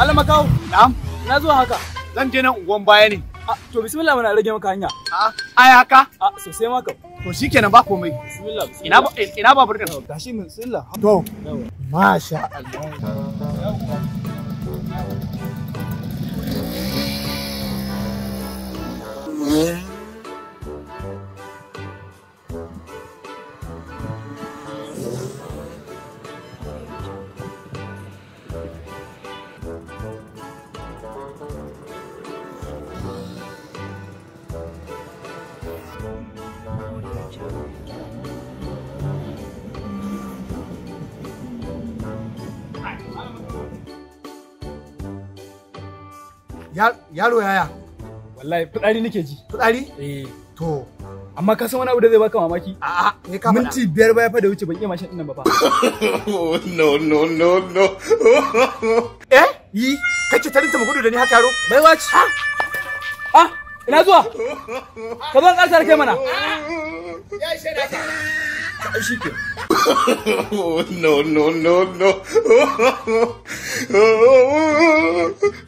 Malam Makau. Na'am. Na zo haka. Zan je nan unguwan baya ne. To bismillah muna rage maka hanya. A'a, ai haka? A sosai maka. To shikenan ba komai. Bismillah. Ina ina babur din. Gashi bismillah. To. Masha Allah. Yaro yaya? Wallahi fitsari nake ji. Fitsari? Eh. To. Amma ka san wani abu da zai baka mamaki? A'a, ne ka Minti biyar baya fa da wuce ban iya mashin ɗin ba fa. No no no no. Eh? Yi, kace tarinta mu gudu da ni haka yaro? Bai wace. Ah, ina zuwa. Ka ban ƙasar kai mana. Ya shi da Kashika. oh, no, no, no, no.